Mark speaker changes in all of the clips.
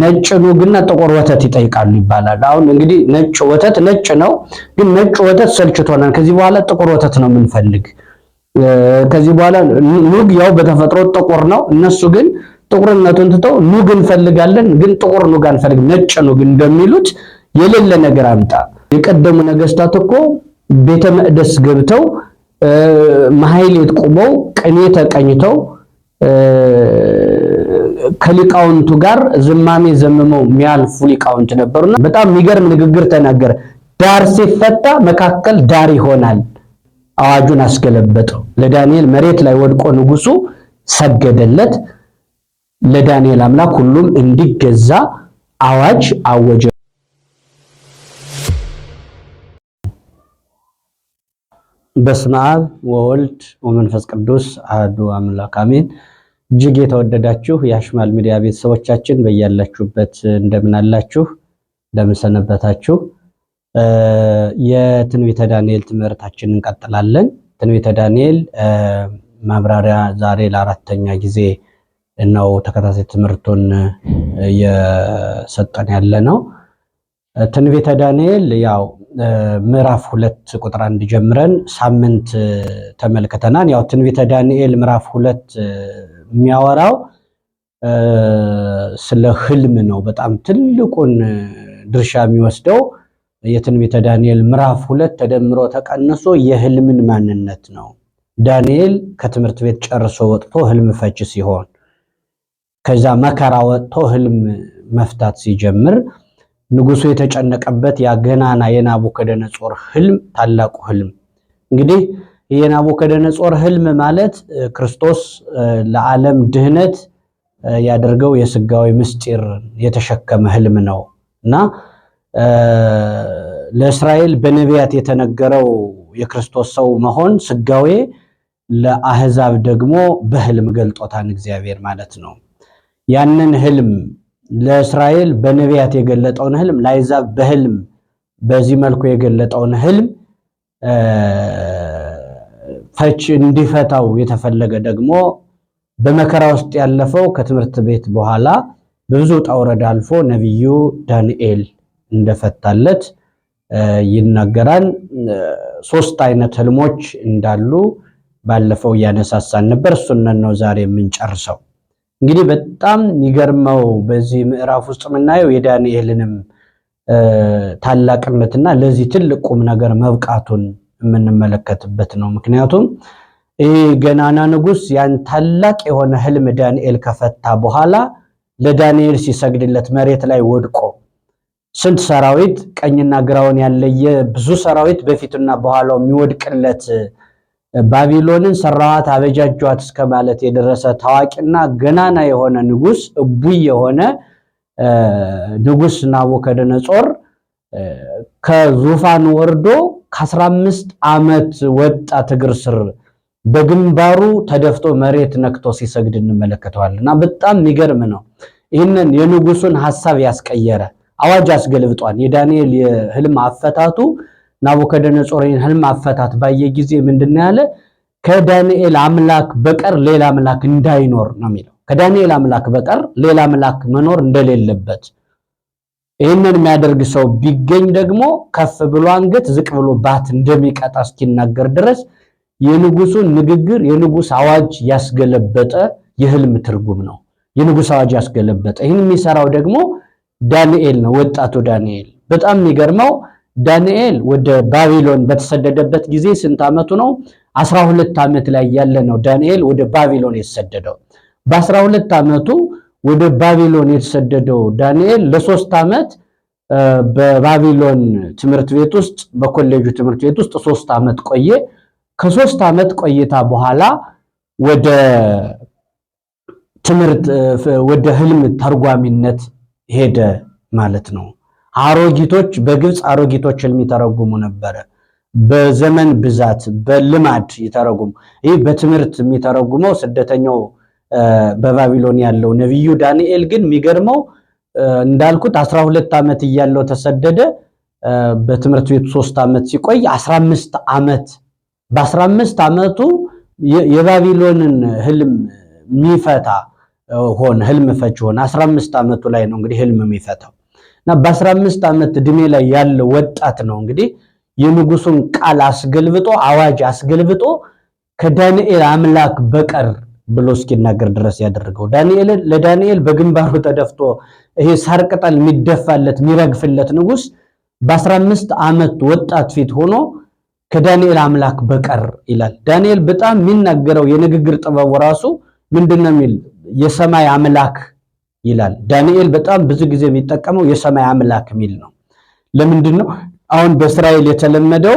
Speaker 1: ነጭ ኑግና ጥቁር ወተት ይጠይቃሉ ይባላል። አሁን እንግዲህ ነጭ ወተት ነጭ ነው፣ ግን ነጭ ወተት ሰልችቶናል። ከዚህ በኋላ ጥቁር ወተት ነው የምንፈልግ። ከዚህ በኋላ ኑግ ያው በተፈጥሮ ጥቁር ነው። እነሱ ግን ጥቁርነቱን ትተው ኑግ እንፈልጋለን፣ ግን ጥቁር ኑግ አንፈልግም፣ ነጭ ኑግ እንደሚሉት የሌለ ነገር አምጣ። የቀደሙ ነገስታት እኮ ቤተ መቅደስ ገብተው መሐይሌት ቁመው ቅኔ ተቀኝተው ከሊቃውንቱ ጋር ዝማሜ ዘምመው የሚያልፉ ሊቃውንት ነበሩና በጣም የሚገርም ንግግር ተናገረ። ዳር ሲፈታ መካከል ዳር ይሆናል። አዋጁን አስገለበጠው። ለዳንኤል መሬት ላይ ወድቆ ንጉሱ ሰገደለት። ለዳንኤል አምላክ ሁሉም እንዲገዛ አዋጅ አወጀ። በስመ አብ ወወልድ ወመንፈስ ቅዱስ አሐዱ አምላክ አሜን። እጅግ የተወደዳችሁ የአሽማል ሚዲያ ቤተሰቦቻችን በያላችሁበት እንደምን አላችሁ? እንደምን የትንቢተ ዳንኤል ትምህርታችን እንቀጥላለን። ትንቢተ ዳንኤል ማብራሪያ ዛሬ ለአራተኛ ጊዜ ነው ተከታታይ ትምህርቱን እየሰጠን ያለ ነው። ትንቢተ ዳንኤል ያው ምዕራፍ ሁለት ቁጥር አንድ ጀምረን ሳምንት ተመልክተናል። ያው ትንቢተ ዳንኤል ምዕራፍ ሁለት የሚያወራው ስለ ህልም ነው። በጣም ትልቁን ድርሻ የሚወስደው የትንቢተ ዳንኤል ምዕራፍ ሁለት ተደምሮ ተቀንሶ የህልምን ማንነት ነው። ዳንኤል ከትምህርት ቤት ጨርሶ ወጥቶ ህልም ፈች ሲሆን ከዛ መከራ ወጥቶ ህልም መፍታት ሲጀምር ንጉሱ የተጨነቀበት ያ የናቡከደነጾር ህልም ታላቁ ህልም እንግዲህ የናቡከደነጾር ህልም ማለት ክርስቶስ ለዓለም ድህነት ያደርገው የስጋዊ ምስጢር የተሸከመ ህልም ነው እና ለእስራኤል በነቢያት የተነገረው የክርስቶስ ሰው መሆን ስጋዌ ለአህዛብ ደግሞ በህልም ገልጦታን እግዚአብሔር ማለት ነው። ያንን ህልም ለእስራኤል በነቢያት የገለጠውን ህልም ለአህዛብ በህልም በዚህ መልኩ የገለጠውን ህልም ፈች እንዲፈታው የተፈለገ ደግሞ በመከራ ውስጥ ያለፈው ከትምህርት ቤት በኋላ በብዙ ውጣ ውረድ አልፎ ነቢዩ ዳንኤል እንደፈታለት ይናገራል። ሶስት አይነት ህልሞች እንዳሉ ባለፈው እያነሳሳን ነበር። እሱነን ነው ዛሬ የምንጨርሰው። እንግዲህ በጣም የሚገርመው በዚህ ምዕራፍ ውስጥ የምናየው የዳንኤልንም ታላቅነትና ለዚህ ትልቅ ቁም ነገር መብቃቱን የምንመለከትበት ነው። ምክንያቱም ይህ ገናና ንጉስ ያን ታላቅ የሆነ ህልም ዳንኤል ከፈታ በኋላ ለዳንኤል ሲሰግድለት መሬት ላይ ወድቆ ስንት ሰራዊት ቀኝና ግራውን ያለየ ብዙ ሰራዊት በፊቱና በኋላው የሚወድቅለት ባቢሎንን ሰራዋት አበጃጇት እስከ ማለት የደረሰ ታዋቂና ገናና የሆነ ንጉስ እቡይ የሆነ ንጉስ ናቡከደነጾር ከዙፋን ወርዶ ከ15 ዓመት ወጣት እግር ስር በግንባሩ ተደፍቶ መሬት ነክቶ ሲሰግድ እንመለከተዋል እና በጣም የሚገርም ነው። ይህንን የንጉሱን ሐሳብ ያስቀየረ አዋጅ አስገልብጧል። የዳንኤል የህልም አፈታቱ ናቡከደነጾርን ህልም አፈታት ባየ ጊዜ ምንድን ያለ ከዳንኤል አምላክ በቀር ሌላ አምላክ እንዳይኖር ነው የሚለው። ከዳንኤል አምላክ በቀር ሌላ አምላክ መኖር እንደሌለበት ይህንን የሚያደርግ ሰው ቢገኝ ደግሞ ከፍ ብሎ አንገት ዝቅ ብሎ ባት እንደሚቀጣ እስኪናገር ድረስ የንጉሱን ንግግር የንጉስ አዋጅ ያስገለበጠ የህልም ትርጉም ነው። የንጉስ አዋጅ ያስገለበጠ። ይህን የሚሰራው ደግሞ ዳንኤል ነው፣ ወጣቱ ዳንኤል። በጣም የሚገርመው ዳንኤል ወደ ባቢሎን በተሰደደበት ጊዜ ስንት ዓመቱ ነው? አስራ ሁለት ዓመት ላይ ያለ ነው ዳንኤል ወደ ባቢሎን የተሰደደው በአስራ ሁለት ዓመቱ ወደ ባቢሎን የተሰደደው ዳንኤል ለሶስት ዓመት በባቢሎን ትምህርት ቤት ውስጥ በኮሌጁ ትምህርት ቤት ውስጥ ሶስት ዓመት ቆየ። ከሶስት ዓመት ቆይታ በኋላ ወደ ትምህርት ወደ ህልም ተርጓሚነት ሄደ ማለት ነው። አሮጊቶች በግብፅ አሮጊቶች ህልም ይተረጉሙ ነበረ። በዘመን ብዛት በልማድ ይተረጉሙ። ይህ በትምህርት የሚተረጉመው ስደተኛው በባቢሎን ያለው ነቢዩ ዳንኤል ግን የሚገርመው እንዳልኩት አስራ ሁለት ዓመት እያለው ተሰደደ። በትምህርት ቤቱ ሶስት ዓመት ሲቆይ አስራ አምስት ዓመት በአስራ አምስት ዓመቱ የባቢሎንን ህልም የሚፈታ ሆነ። ህልም ፈች ሆነ። አስራ አምስት ዓመቱ ላይ ነው እንግዲህ ህልም የሚፈታው እና በአስራ አምስት ዓመት እድሜ ላይ ያለ ወጣት ነው እንግዲህ የንጉሱን ቃል አስገልብጦ አዋጅ አስገልብጦ ከዳንኤል አምላክ በቀር ብሎ እስኪናገር ድረስ ያደረገው ዳንኤልን ለዳንኤል በግንባሩ ተደፍቶ ይሄ ሳር ቅጠል የሚደፋለት የሚረግፍለት ንጉስ በ አምስት ዓመት ወጣት ፊት ሆኖ ከዳንኤል አምላክ በቀር ይላል። ዳንኤል በጣም የሚናገረው የንግግር ጥበቡ ራሱ ምንድነው የሚል የሰማይ አምላክ ይላል። ዳንኤል በጣም ብዙ ጊዜ የሚጠቀመው የሰማይ አምላክ የሚል ነው። ለምንድን ነው አሁን በእስራኤል የተለመደው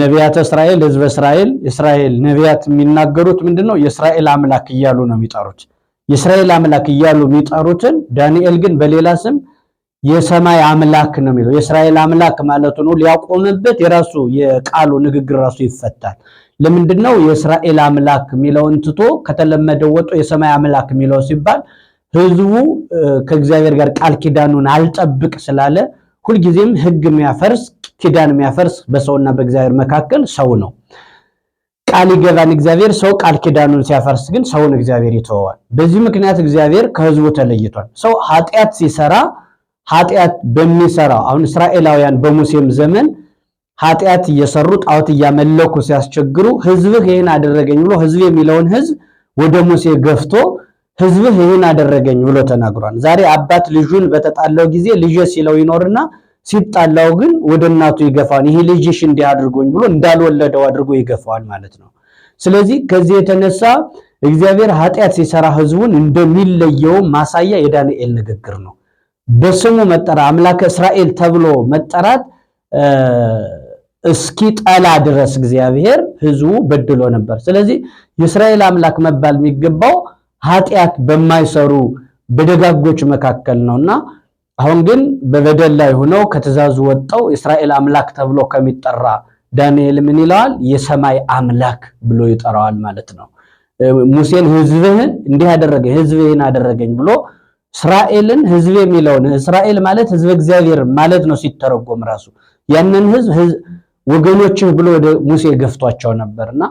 Speaker 1: ነቢያተ እስራኤል ህዝበ እስራኤል እስራኤል ነቢያት የሚናገሩት ምንድነው? የእስራኤል አምላክ እያሉ ነው የሚጠሩት። የእስራኤል አምላክ እያሉ የሚጠሩትን ዳንኤል ግን በሌላ ስም የሰማይ አምላክ ነው የሚለው። የእስራኤል አምላክ ማለት ነው ሊያቆምበት የራሱ የቃሉ ንግግር ራሱ ይፈታል። ለምንድን ነው የእስራኤል አምላክ የሚለውን ትቶ ከተለመደው ወጦ የሰማይ አምላክ የሚለው ሲባል ህዝቡ ከእግዚአብሔር ጋር ቃል ኪዳኑን አልጠብቅ ስላለ ሁልጊዜም ህግ የሚያፈርስ ኪዳን የሚያፈርስ በሰውና በእግዚአብሔር መካከል ሰው ነው። ቃል ይገባን እግዚአብሔር ሰው ቃል ኪዳኑን ሲያፈርስ ግን ሰውን እግዚአብሔር ይተወዋል። በዚህ ምክንያት እግዚአብሔር ከህዝቡ ተለይቷል። ሰው ኃጢአት ሲሰራ ኃጢአት በሚሰራው አሁን እስራኤላውያን በሙሴም ዘመን ኃጢአት እየሰሩ ጣዖት እያመለኩ ሲያስቸግሩ ህዝብህ ይህን አደረገኝ ብሎ ህዝብ የሚለውን ህዝብ ወደ ሙሴ ገፍቶ ህዝብህ ይህን አደረገኝ ብሎ ተናግሯል። ዛሬ አባት ልጁን በተጣላው ጊዜ ልጅ ሲለው ይኖርና ሲጣላው ግን ወደ እናቱ ይገፋዋል። ይሄ ልጅሽ እንዲህ አድርጎኝ ብሎ እንዳልወለደው አድርጎ ይገፋዋል ማለት ነው። ስለዚህ ከዚህ የተነሳ እግዚአብሔር ኃጢአት ሲሰራ ህዝቡን እንደሚለየው ማሳያ የዳንኤል ንግግር ነው። በስሙ መጠራ አምላከ እስራኤል ተብሎ መጠራት እስኪ ጠላ ድረስ እግዚአብሔር ህዝቡ በድሎ ነበር። ስለዚህ የእስራኤል አምላክ መባል የሚገባው ኃጢአት በማይሰሩ በደጋጎች መካከል ነውና አሁን ግን በበደል ላይ ሆነው ከትእዛዙ ወጠው እስራኤል አምላክ ተብሎ ከሚጠራ ዳንኤል ምን ይለዋል? የሰማይ አምላክ ብሎ ይጠራዋል ማለት ነው። ሙሴን ህዝብህን እንዲህ ያደረገ ህዝብህን አደረገኝ ብሎ እስራኤልን ህዝብ የሚለውን እስራኤል ማለት ህዝብ እግዚአብሔር ማለት ነው ሲተረጎም ራሱ ያንን ህዝብ ወገኖችህ ብሎ ወደ ሙሴ ገፍቷቸው ነበርና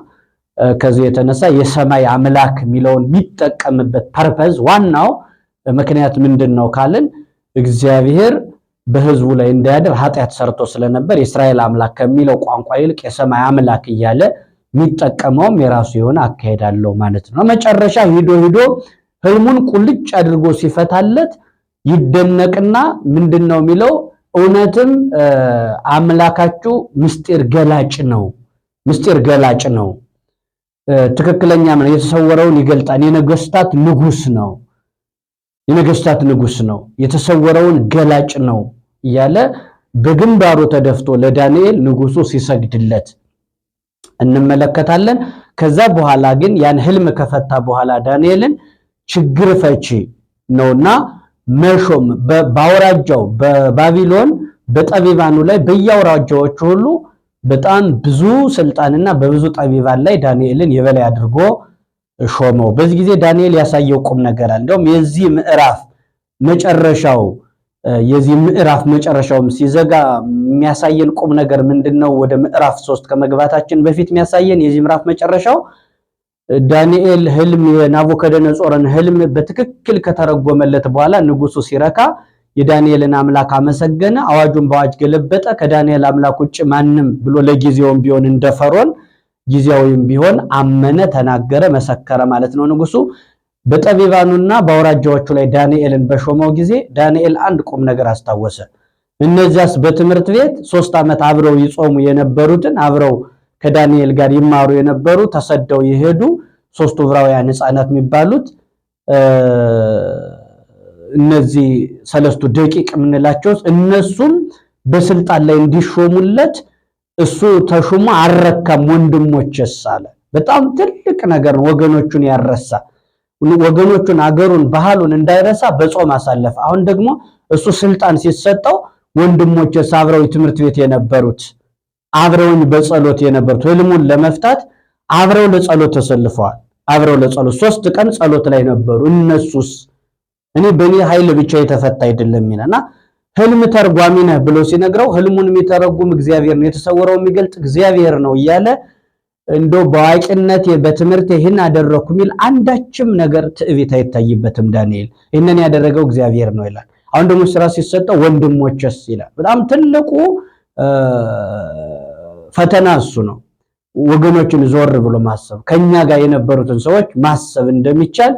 Speaker 1: ከዚህ የተነሳ የሰማይ አምላክ የሚለውን የሚጠቀምበት ፐርፐዝ ዋናው ምክንያት ምንድን ነው ካልን እግዚአብሔር በህዝቡ ላይ እንዳያድር ኃጢአት ሰርቶ ስለነበር የእስራኤል አምላክ ከሚለው ቋንቋ ይልቅ የሰማይ አምላክ እያለ የሚጠቀመውም የራሱ የሆነ አካሄድ አለው ማለት ነው። መጨረሻ ሂዶ ሂዶ ህልሙን ቁልጭ አድርጎ ሲፈታለት ይደነቅና ምንድን ነው የሚለው እውነትም አምላካችሁ ምስጢር ገላጭ ነው፣ ምስጢር ገላጭ ነው ትክክለኛ ምን የተሰወረውን ይገልጣል። የነገስታት ንጉስ ነው፣ የነገስታት ንጉስ ነው፣ የተሰወረውን ገላጭ ነው እያለ በግንባሩ ተደፍቶ ለዳንኤል ንጉሱ ሲሰግድለት እንመለከታለን። ከዛ በኋላ ግን ያን ህልም ከፈታ በኋላ ዳንኤልን ችግር ፈቺ ነውና መሾም በአውራጃው በባቢሎን በጠቢባኑ ላይ በየአውራጃዎቹ ሁሉ በጣም ብዙ ስልጣንና በብዙ ጠቢባን ላይ ዳንኤልን የበላይ አድርጎ ሾመው። በዚህ ጊዜ ዳንኤል ያሳየው ቁም ነገር አለ። እንደውም የዚህ ምዕራፍ መጨረሻው የዚህ ምዕራፍ መጨረሻውም ሲዘጋ የሚያሳየን ቁም ነገር ምንድነው? ወደ ምዕራፍ ሶስት ከመግባታችን በፊት የሚያሳየን የዚህ ምዕራፍ መጨረሻው ዳንኤል ህልም የናቡከደነጾርን ህልም በትክክል ከተረጎመለት በኋላ ንጉሱ ሲረካ የዳንኤልን አምላክ አመሰገነ፣ አዋጁን በአዋጅ ገለበጠ። ከዳንኤል አምላክ ውጭ ማንም ብሎ ለጊዜውም ቢሆን እንደ ፈሮን ጊዜያዊም ቢሆን አመነ፣ ተናገረ፣ መሰከረ ማለት ነው ንጉሱ። በጠቢባኑና በአውራጃዎቹ ላይ ዳንኤልን በሾመው ጊዜ ዳንኤል አንድ ቁም ነገር አስታወሰ። እነዚያስ በትምህርት ቤት ሶስት ዓመት አብረው ይጾሙ የነበሩትን አብረው ከዳንኤል ጋር ይማሩ የነበሩ ተሰደው የሄዱ ሶስቱ ዕብራውያን ሕፃናት የሚባሉት እነዚህ ሰለስቱ ደቂቅ የምንላቸው እነሱም በስልጣን ላይ እንዲሾሙለት እሱ ተሹሞ አረካም ወንድሞችስ አለ። በጣም ትልቅ ነገር ነው። ወገኖቹን ያረሳ ወገኖቹን፣ አገሩን፣ ባህሉን እንዳይረሳ በጾም አሳለፈ። አሁን ደግሞ እሱ ስልጣን ሲሰጠው ወንድሞች አብረው ትምህርት ቤት የነበሩት አብረውኝ በጸሎት የነበሩት ህልሙን ለመፍታት አብረው ለጸሎት ተሰልፈዋል። አብረው ለጸሎት ሶስት ቀን ጸሎት ላይ ነበሩ። እነሱስ እኔ በእኔ ኃይል ብቻ የተፈታ አይደለም ይልና ህልም ተርጓሚ ነህ ብሎ ሲነግረው ህልሙን የሚተረጉም እግዚአብሔር ነው፣ የተሰወረው የሚገልጥ እግዚአብሔር ነው እያለ እንዶ በአዋቂነት በትምህርት ይህን አደረኩ የሚል አንዳችም ነገር ትዕቢት አይታይበትም። ዳንኤል ይህንን ያደረገው እግዚአብሔር ነው ይላል። አሁን ደግሞ ስራ ሲሰጠው ወንድሞችስ ይላል። በጣም ትልቁ ፈተና እሱ ነው። ወገኖችን ዞር ብሎ ማሰብ፣ ከኛ ጋር የነበሩትን ሰዎች ማሰብ እንደሚቻል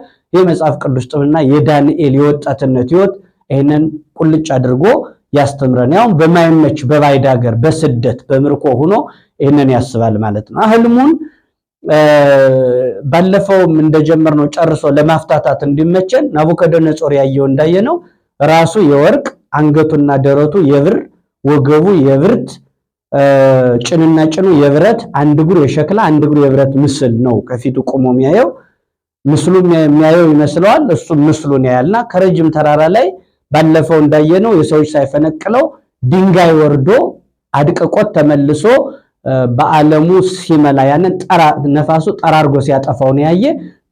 Speaker 1: የመጽሐፍ ቅዱስ ጥበብና የዳንኤል የወጣትነት ህይወት ይህንን ቁልጭ አድርጎ ያስተምረን። ያውም በማይመች በባይድ ሀገር በስደት በምርኮ ሆኖ ይህንን ያስባል ማለት ነው። ህልሙን ባለፈውም ነው ጨርሶ ለማፍታታት እንዲመቸን ናቡከደነጾር ያየው ነው ራሱ የወርቅ አንገቱና ደረቱ የብር ወገቡ የብርት ጭንና ጭኑ የብረት አንድ እግሩ የሸክላ አንድ እግሩ የብረት ምስል ነው። ከፊቱ ቁሞ የሚያየው ምስሉ የሚያየው ይመስለዋል። እሱም ምስሉን ያያልና ከረጅም ተራራ ላይ ባለፈው እንዳየነው የሰዎች ሳይፈነቅለው ድንጋይ ወርዶ አድቅቆት ተመልሶ በዓለሙ ሲመላ ያንን ነፋሱ ጠራርጎ ሲያጠፋው ነው ያየ።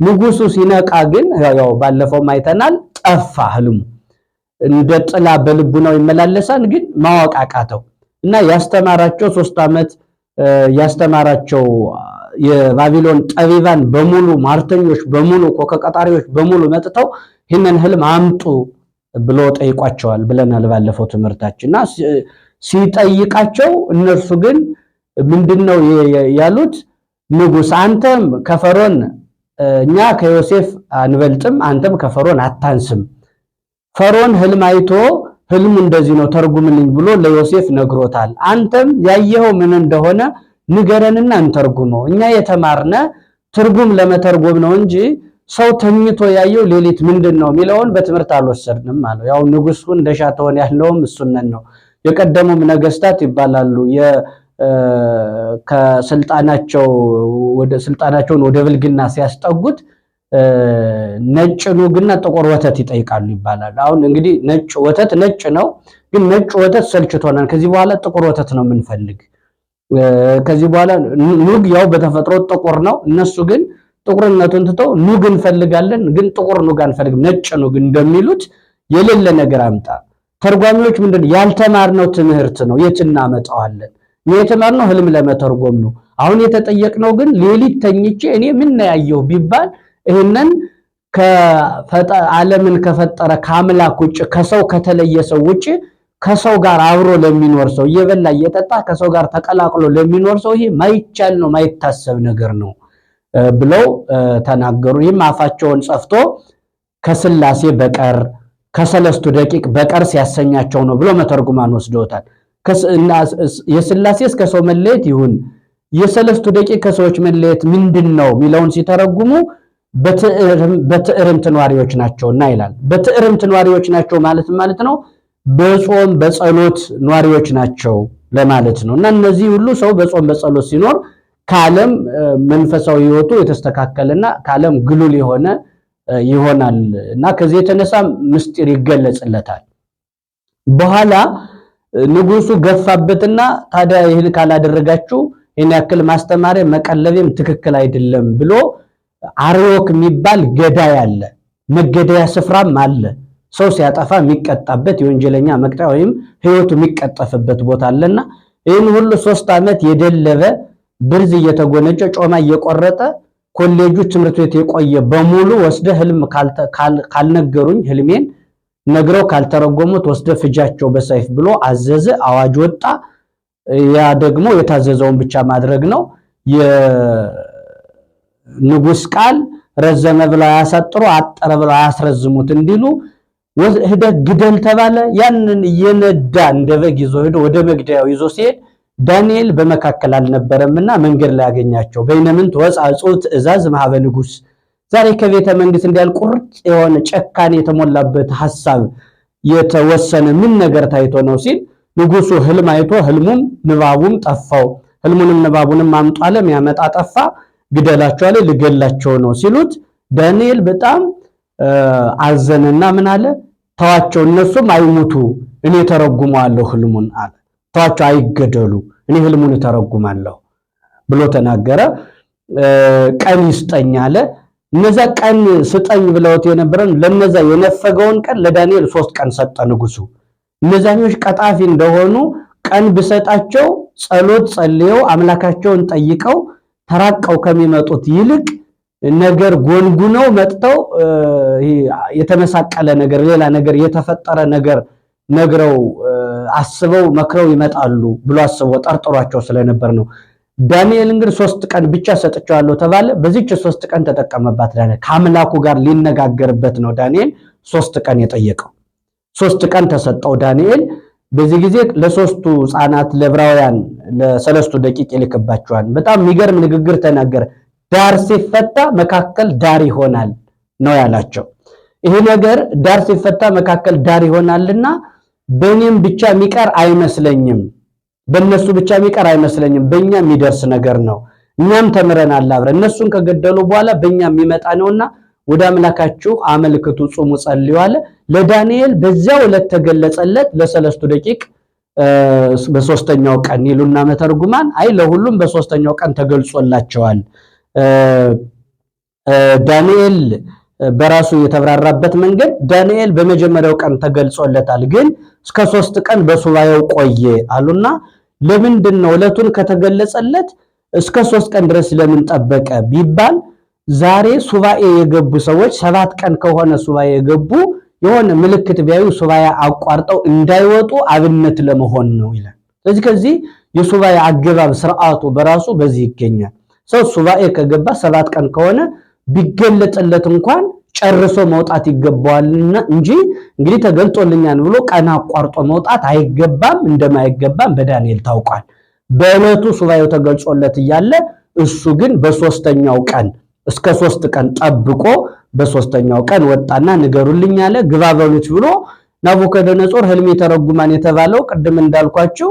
Speaker 1: ንጉሱ ሲነቃ ግን ያው ባለፈው አይተናል፣ ጠፋ ህልሙ። እንደ ጥላ ነው ይመላለሳል፣ ግን ማወቅ አቃተው እና ያስተማራቸው ሶስት ዓመት ያስተማራቸው የባቢሎን ጠቢባን በሙሉ ማርተኞች በሙሉ ኮከቀጣሪዎች በሙሉ መጥተው ይህንን ህልም አምጡ ብሎ ጠይቋቸዋል ብለናል ባለፈው ትምህርታችን እና ሲጠይቃቸው እነርሱ ግን ምንድን ነው ያሉት? ንጉስ አንተም ከፈሮን እኛ ከዮሴፍ አንበልጥም፣ አንተም ከፈሮን አታንስም። ፈሮን ህልም አይቶ ህልሙ እንደዚህ ነው ተርጉምልኝ ብሎ ለዮሴፍ ነግሮታል። አንተም ያየኸው ምን እንደሆነ ንገረንና እንተርጉመው። እኛ የተማርነ ትርጉም ለመተርጎም ነው እንጂ ሰው ተኝቶ ያየው ሌሊት ምንድን ነው የሚለውን በትምህርት አልወሰድንም አለው። ያው ንጉሱ እንደሻ ያለውም እሱነን ነው። የቀደሙም ነገስታት ይባላሉ ከስልጣናቸው ወደ ስልጣናቸውን ወደ ብልግና ሲያስጠጉት ነጭ ኑግና ጥቁር ወተት ይጠይቃሉ ይባላል። አሁን እንግዲህ ነጭ ወተት ነጭ ነው፣ ግን ነጭ ወተት ሰልችቶናል። ከዚህ በኋላ ጥቁር ወተት ነው የምንፈልግ ከዚህ በኋላ ኑግ ያው በተፈጥሮ ጥቁር ነው። እነሱ ግን ጥቁርነቱን ትተው ኑግ እንፈልጋለን፣ ግን ጥቁር ኑግ አንፈልግም፣ ነጭ ኑግ እንደሚሉት የሌለ ነገር አምጣ። ተርጓሚዎች ምንድን ያልተማርነው ትምህርት ነው፣ የት እናመጣዋለን? የተማርነው ህልም ለመተርጎም ነው። አሁን የተጠየቅነው ግን ሌሊት ተኝቼ እኔ ምን ያየሁ ቢባል ይህንን ዓለምን ከፈጠረ ከአምላክ ውጭ ከሰው ከተለየ ሰው ውጭ ከሰው ጋር አብሮ ለሚኖር ሰው እየበላ እየጠጣ ከሰው ጋር ተቀላቅሎ ለሚኖር ሰው ይሄ ማይቻል ነው፣ ማይታሰብ ነገር ነው ብለው ተናገሩ። ይህም አፋቸውን ጸፍቶ ከስላሴ በቀር ከሰለስቱ ደቂቅ በቀር ሲያሰኛቸው ነው ብሎ መተርጉማን ወስደውታል። የስላሴ እስከ ሰው መለየት ይሁን የሰለስቱ ደቂቅ ከሰዎች መለየት ምንድን ነው የሚለውን ሲተረጉሙ በትዕርምት ነዋሪዎች ናቸውና ይላል። በትዕርምት ነዋሪዎች ናቸው ማለት ማለት ነው በጾም በጸሎት ኗሪዎች ናቸው ለማለት ነው እና እነዚህ ሁሉ ሰው በጾም በጸሎት ሲኖር ከዓለም መንፈሳዊ ህይወቱ የተስተካከለና ከዓለም ግሉል የሆነ ይሆናል እና ከዚህ የተነሳ ምስጢር ይገለጽለታል። በኋላ ንጉሱ ገፋበትና ታዲያ ይህን ካላደረጋችሁ ይህን ያክል ማስተማሪያ መቀለቤም ትክክል አይደለም ብሎ አርዮክ የሚባል ገዳይ አለ፣ መገደያ ስፍራም አለ። ሰው ሲያጠፋ የሚቀጣበት የወንጀለኛ መቅጫ ወይም ህይወቱ የሚቀጠፍበት ቦታ አለና ይህን ሁሉ ሶስት ዓመት የደለበ ብርዝ እየተጎነጨ ጮማ እየቆረጠ ኮሌጁ ትምህርት ቤት የቆየ በሙሉ ወስደ ህልም ካልነገሩኝ ህልሜን ነግረው ካልተረጎሙት ወስደ ፍጃቸው በሰይፍ ብሎ አዘዘ። አዋጅ ወጣ። ያ ደግሞ የታዘዘውን ብቻ ማድረግ ነው። የንጉስ ቃል ረዘመ ብለው አያሳጥሩ፣ አጠረ ብለው አያስረዝሙት እንዲሉ ሄደ ግደል ተባለ። ያንን እየነዳ እንደ በግ ይዞ ሄዶ ወደ መግደያው ይዞ ሲሄድ ዳንኤል በመካከል አልነበረምና መንገድ ላይ አገኛቸው። በይነምንት ወፅአ እጽው ትእዛዝ ማህበ ንጉስ ዛሬ ከቤተ መንግስት እንዲያል ቁርጭ የሆነ ጨካን የተሞላበት ሐሳብ የተወሰነ ምን ነገር ታይቶ ነው ሲል ንጉሱ ህልም አይቶ ህልሙም ንባቡም ጠፋው። ህልሙንም ንባቡንም አምጧለም ያመጣ ጠፋ። ግደላቸው አለ ልገላቸው ነው ሲሉት ዳንኤል በጣም አዘንና ምን አለ ተዋቸው፣ እነሱም አይሙቱ እኔ ተረጉመዋለሁ ህልሙን አለ። ተዋቸው አይገደሉ፣ እኔ ህልሙን ተረጉማለሁ ብሎ ተናገረ። ቀን ይስጠኝ አለ። እነዛ ቀን ስጠኝ ብለውት የነበረን ለነዛ የነፈገውን ቀን ለዳንኤል ሶስት ቀን ሰጠ ንጉሱ። እነዛኞች ቀጣፊ እንደሆኑ ቀን ብሰጣቸው ጸሎት ጸልየው አምላካቸውን ጠይቀው ተራቀው ከሚመጡት ይልቅ ነገር ጎንጉነው መጥተው የተመሳቀለ ነገር ሌላ ነገር የተፈጠረ ነገር ነግረው አስበው መክረው ይመጣሉ ብሎ አስበው ጠርጥሯቸው ስለነበር ነው። ዳንኤል እንግዲህ ሶስት ቀን ብቻ ሰጥቸዋለሁ ተባለ። በዚች ሶስት ቀን ተጠቀመባት። ዳንኤል ከአምላኩ ጋር ሊነጋገርበት ነው። ዳንኤል ሶስት ቀን የጠየቀው ሶስት ቀን ተሰጠው። ዳንኤል በዚህ ጊዜ ለሶስቱ ሕፃናት ለዕብራውያን ለሰለስቱ ደቂቅ ይልክባቸዋል። በጣም የሚገርም ንግግር ተናገረ። ዳር ሲፈታ መካከል ዳር ይሆናል ነው ያላቸው። ይሄ ነገር ዳር ሲፈታ መካከል ዳር ይሆናልና በእኔም ብቻ የሚቀር አይመስለኝም፣ በእነሱ ብቻ የሚቀር አይመስለኝም። በእኛ የሚደርስ ነገር ነው። እኛም ተምረናል አብረን። እነሱን ከገደሉ በኋላ በእኛ የሚመጣ ነውና ወደ አምላካችሁ አመልክቱ፣ ጹሙ፣ ጸልዩ አለ። ለዳንኤል በዚያው ዕለት ተገለጸለት ለሰለስቱ ደቂቅ በሶስተኛው ቀን ይሉና መተርጉማን አይ ለሁሉም በሶስተኛው ቀን ተገልጾላቸዋል። ዳንኤል በራሱ የተብራራበት መንገድ ዳንኤል በመጀመሪያው ቀን ተገልጾለታል፣ ግን እስከ ሶስት ቀን በሱባኤው ቆየ አሉና ለምንድን ነው ዕለቱን ከተገለጸለት እስከ ሶስት ቀን ድረስ ለምን ጠበቀ ቢባል ዛሬ ሱባኤ የገቡ ሰዎች ሰባት ቀን ከሆነ ሱባኤ የገቡ የሆነ ምልክት ቢያዩ ሱባኤ አቋርጠው እንዳይወጡ አብነት ለመሆን ነው ይላል። ስለዚህ ከዚህ የሱባኤ አገባብ ስርዓቱ በራሱ በዚህ ይገኛል። ሰው ሱባኤ ከገባ ሰባት ቀን ከሆነ ቢገለጥለት እንኳን ጨርሶ መውጣት ይገባዋልና እንጂ እንግዲህ ተገልጦልኛል ብሎ ቀን አቋርጦ መውጣት አይገባም፣ እንደማይገባም በዳንኤል ታውቋል። በእለቱ ሱባኤው ተገልጾለት እያለ እሱ ግን በሶስተኛው ቀን እስከ ሶስት ቀን ጠብቆ በሶስተኛው ቀን ወጣና ንገሩልኝ አለ። ግባ በሉት ብሎ ናቡከደነጾር ህልሜ ተረጉማን የተባለው ቅድም እንዳልኳችሁ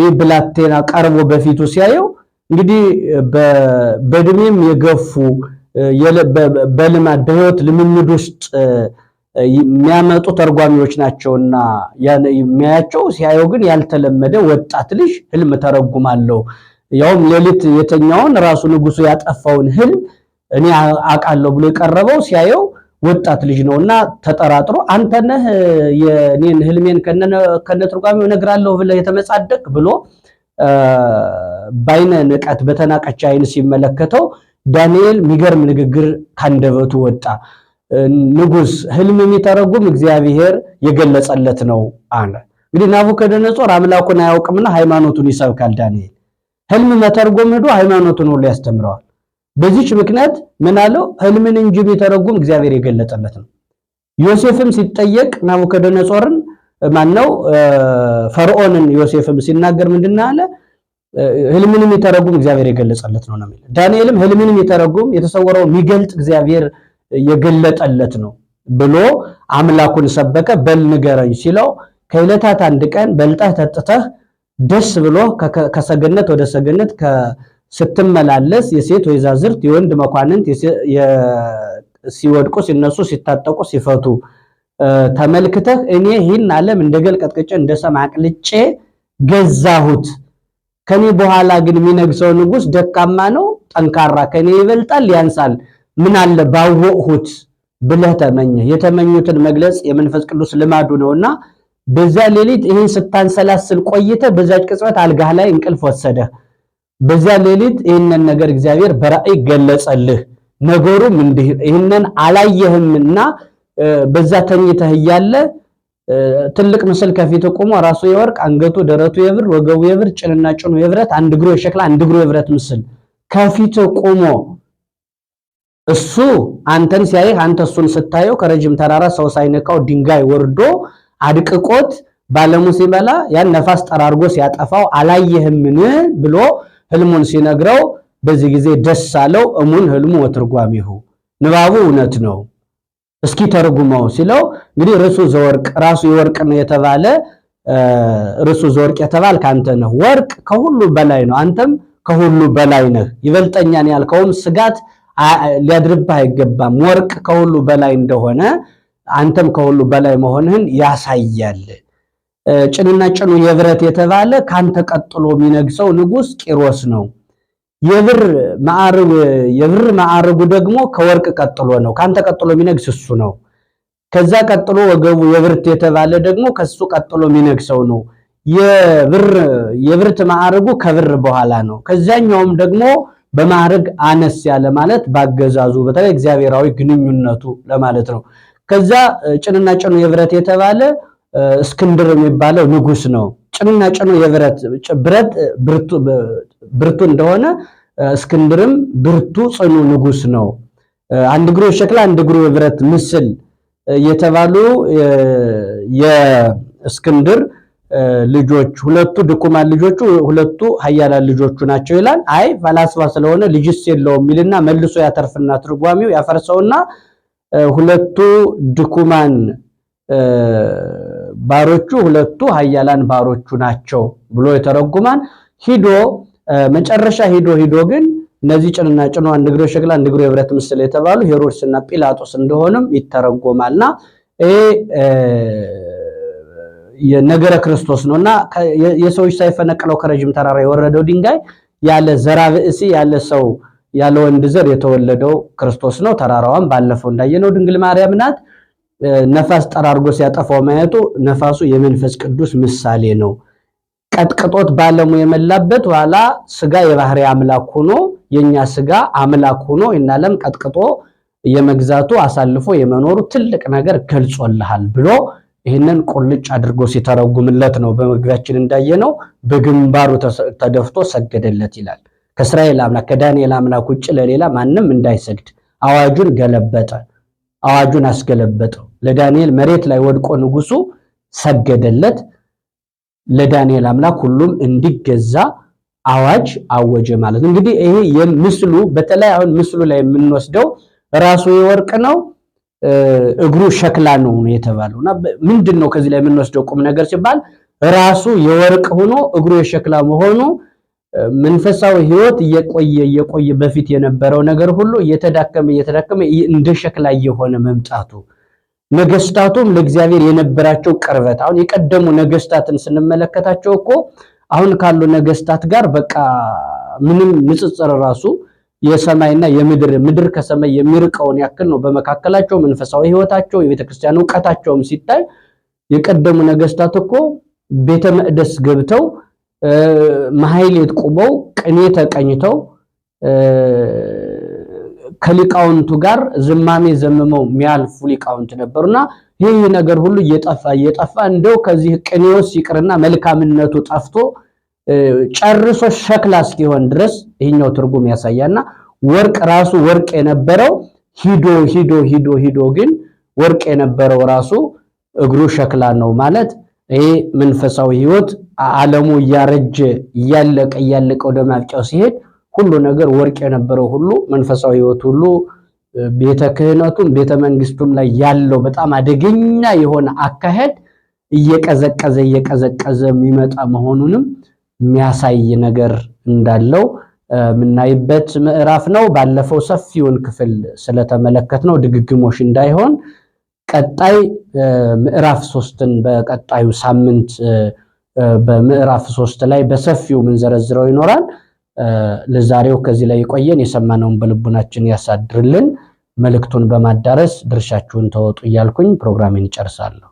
Speaker 1: ይህ ብላቴና ቀርቦ በፊቱ ሲያየው እንግዲህ በእድሜም የገፉ በልማድ በህይወት ልምምድ ውስጥ የሚያመጡ ተርጓሚዎች ናቸውና የሚያያቸው ሲያየው ግን ያልተለመደ ወጣት ልጅ ህልም ተረጉማለሁ። ያውም ሌሊት የተኛውን ራሱ ንጉሱ ያጠፋውን ህልም እኔ አውቃለሁ ብሎ የቀረበው ሲያየው ወጣት ልጅ ነውና ተጠራጥሮ አንተ ነህ የኔን ህልሜን ከነ ትርጓሚው እነግራለሁ ብለህ የተመጻደቅ ብሎ በአይነ ንቀት በተናቀች አይን ሲመለከተው ዳንኤል ሚገርም ንግግር ካንደበቱ ወጣ። ንጉስ ህልም የሚተረጉም እግዚአብሔር የገለጸለት ነው አለ። እንግዲህ ናቡከደነጾር አምላኩን አያውቅምና ሃይማኖቱን ይሰብካል። ዳንኤል ህልም መተርጎም ሄዶ ሃይማኖቱን ሁሉ ያስተምረዋል። በዚች ምክንያት ምን አለው? ህልምን እንጂ የሚተረጉም እግዚአብሔር የገለጸለት ነው። ዮሴፍም ሲጠየቅ ናቡከደነጾርን ማነው ፈርዖንን ዮሴፍም ሲናገር ምንድን አለ? ህልምንም የሚተረጉም እግዚአብሔር የገለጸለት ነው ነው ዳንኤልም ህልምንም የሚተረጉም የተሰወረው የሚገልጥ እግዚአብሔር የገለጠለት ነው ብሎ አምላኩን ሰበከ። በል ንገረኝ ሲለው ከዕለታት አንድ ቀን በልጠህ ጠጥተህ ደስ ብሎ ከሰገነት ወደ ሰገነት ስትመላለስ የሴት ወይዛዝርት የወንድ መኳንንት ሲወድቁ ሲነሱ ሲታጠቁ ሲፈቱ ተመልክተህ እኔ ይህን ዓለም እንደገል ቀጥቅጬ እንደ ሰም አቅልጬ ገዛሁት። ከኔ በኋላ ግን የሚነግሰው ንጉስ ደካማ ነው፣ ጠንካራ ከኔ ይበልጣል፣ ያንሳል፣ ምን አለ ባወቅሁት ብለህ ተመኘ። የተመኙትን መግለጽ የመንፈስ ቅዱስ ልማዱ ነውና በዛ ሌሊት ይህን ስታንሰላስል ቆይተ በዛች ቅጽበት አልጋህ ላይ እንቅልፍ ወሰደ በዛ ሌሊት ይህንን ነገር እግዚአብሔር በራእይ ገለጸልህ። ነገሩም እንዲህ ይህንን አላየህምና በዛ ተኝተህ እያለ ትልቅ ምስል ከፊት ቆሞ ራሱ የወርቅ አንገቱ ደረቱ የብር ወገቡ የብር ጭንና ጭኑ የብረት አንድ እግሩ የሸክላ አንድ እግሩ የብረት ምስል ከፊት ቆሞ እሱ አንተን ሲያይህ አንተ እሱን ስታየው ከረጅም ተራራ ሰው ሳይነካው ድንጋይ ወርዶ አድቅቆት ባለሙ ሲበላ ያን ነፋስ ጠራርጎ ሲያጠፋው አላየህምን ብሎ ህልሙን ሲነግረው በዚህ ጊዜ ደስ አለው እሙን ህልሙ ወትርጓሚሁ ንባቡ እውነት ነው። እስኪ ተርጉመው ሲለው እንግዲህ ርሱ ዘወርቅ ራሱ የወርቅ ነው የተባለ ርሱ ዘወርቅ የተባል አንተ ነህ። ወርቅ ከሁሉ በላይ ነው፣ አንተም ከሁሉ በላይ ነህ። ይበልጠኛን ያልከውም ስጋት ሊያድርብህ አይገባም። ወርቅ ከሁሉ በላይ እንደሆነ አንተም ከሁሉ በላይ መሆንህን ያሳያል። ጭንና ጭኑ የብረት የተባለ ካንተ ቀጥሎ የሚነግሰው ንጉሥ ቂሮስ ነው። የብር ማዕርግ የብር ማዕርጉ ደግሞ ከወርቅ ቀጥሎ ነው። ካንተ ቀጥሎ የሚነግስ እሱ ነው። ከዛ ቀጥሎ ወገቡ የብርት የተባለ ደግሞ ከሱ ቀጥሎ የሚነግሰው ነው። የብር የብርት ማዕርጉ ከብር በኋላ ነው። ከዛኛውም ደግሞ በማዕርግ አነስ ያለ ማለት ባገዛዙ በተለይ እግዚአብሔራዊ ግንኙነቱ ለማለት ነው። ከዛ ጭንና ጭኑ የብረት የተባለ እስክንድር የሚባለው ንጉስ ነው። ጭንና ጭኑ የብረት ብረት ብርቱ እንደሆነ እስክንድርም ብርቱ ጽኑ ንጉስ ነው፣ አንድ እግሩ ሸክላ አንድ እግሩ የብረት ምስል የተባሉ የእስክንድር ልጆች ሁለቱ ድኩማን ልጆቹ ሁለቱ ሀያላን ልጆቹ ናቸው ይላል። አይ ፈላስፋ ስለሆነ ልጅስ የለውም የሚልና መልሶ ያተርፍና ትርጓሚው ያፈርሰውና ሁለቱ ድኩማን ባሮቹ ሁለቱ ኃያላን ባሮቹ ናቸው ብሎ የተረጉማን ሂዶ መጨረሻ ሂዶ ሂዶ ግን እነዚህ ጭንና ጭኗ አንድ ሸክላ አንድ የብረት ምስል የተባሉ ሄሮድስና ጲላጦስ እንደሆኑም ይተረጎማልና ይሄ የነገረ ክርስቶስ ነውና የሰዎች ሳይፈነቅለው ከረጅም ተራራ የወረደው ድንጋይ ያለ ዘራ ብእሲ ያለ ሰው ያለ ወንድ ዘር የተወለደው ክርስቶስ ነው። ተራራዋም ባለፈው እንዳየነው ድንግል ማርያም ናት። ነፋስ ጠራርጎ ሲያጠፋው ማየቱ ነፋሱ የመንፈስ ቅዱስ ምሳሌ ነው። ቀጥቅጦት ባለሙ የመላበት ኋላ ስጋ የባህሪ አምላክ ሆኖ የኛ ስጋ አምላክ ሆኖ ይናለም ቀጥቅጦ የመግዛቱ አሳልፎ የመኖሩ ትልቅ ነገር ገልጾልሃል ብሎ ይህንን ቁልጭ አድርጎ ሲተረጉምለት ነው በመግቢያችን እንዳየነው በግንባሩ ተደፍቶ ሰገደለት ይላል። ከእስራኤል አምላክ ከዳንኤል አምላክ ውጭ ለሌላ ማንም እንዳይሰግድ አዋጁን ገለበጠ። አዋጁን አስገለበጠው። ለዳንኤል መሬት ላይ ወድቆ ንጉሱ ሰገደለት። ለዳንኤል አምላክ ሁሉም እንዲገዛ አዋጅ አወጀ ማለት ነው። እንግዲህ ይሄ የምስሉ በተለይ አሁን ምስሉ ላይ የምንወስደው ራሱ የወርቅ ነው፣ እግሩ ሸክላ ነው የተባለው እና ምንድን ነው ከዚህ ላይ የምንወስደው ቁም ነገር ሲባል ራሱ የወርቅ ሆኖ እግሩ የሸክላ መሆኑ መንፈሳዊ ህይወት እየቆየ እየቆየ በፊት የነበረው ነገር ሁሉ እየተዳከመ እየተዳከመ እንደ ሸክላ እየሆነ መምጣቱ ነገስታቱም ለእግዚአብሔር የነበራቸው ቅርበት አሁን የቀደሙ ነገስታትን ስንመለከታቸው እኮ አሁን ካሉ ነገስታት ጋር በቃ ምንም ንጽጽር ራሱ የሰማይና የምድር ምድር ከሰማይ የሚርቀውን ያክል ነው። በመካከላቸው መንፈሳዊ ህይወታቸው፣ የቤተክርስቲያን እውቀታቸውም ሲታይ የቀደሙ ነገስታት እኮ ቤተ መቅደስ ገብተው መሐይሌት ቁመው ቅኔ ተቀኝተው ከሊቃውንቱ ጋር ዝማሜ ዘምመው የሚያልፉ ሊቃውንት ነበሩና ይህ ነገር ሁሉ እየጠፋ እየጠፋ እንደው ከዚህ ቅኔውስ ይቅርና መልካምነቱ ጠፍቶ ጨርሶ ሸክላ እስኪሆን ድረስ ይህኛው ትርጉም ያሳያና ወርቅ ራሱ ወርቅ የነበረው ሂዶ ሂዶ ሂዶ ሂዶ ግን ወርቅ የነበረው ራሱ እግሩ ሸክላ ነው ማለት ይሄ መንፈሳዊ ሕይወት ዓለሙ እያረጀ እያለቀ እያለቀ ወደ ማብቂያው ሲሄድ ሁሉ ነገር ወርቅ የነበረው ሁሉ መንፈሳዊ ህይወት ሁሉ ቤተ ክህነቱም ቤተ መንግስቱም ላይ ያለው በጣም አደገኛ የሆነ አካሄድ እየቀዘቀዘ እየቀዘቀዘ የሚመጣ መሆኑንም የሚያሳይ ነገር እንዳለው የምናይበት ምዕራፍ ነው። ባለፈው ሰፊውን ክፍል ስለተመለከት ነው ድግግሞሽ እንዳይሆን ቀጣይ ምዕራፍ ሶስትን በቀጣዩ ሳምንት በምዕራፍ ሶስት ላይ በሰፊው ምንዘረዝረው ይኖራል። ለዛሬው ከዚህ ላይ የቆየን የሰማነውን በልቡናችን ያሳድርልን። መልእክቱን በማዳረስ ድርሻችሁን ተወጡ እያልኩኝ ፕሮግራሜን ይጨርሳለሁ።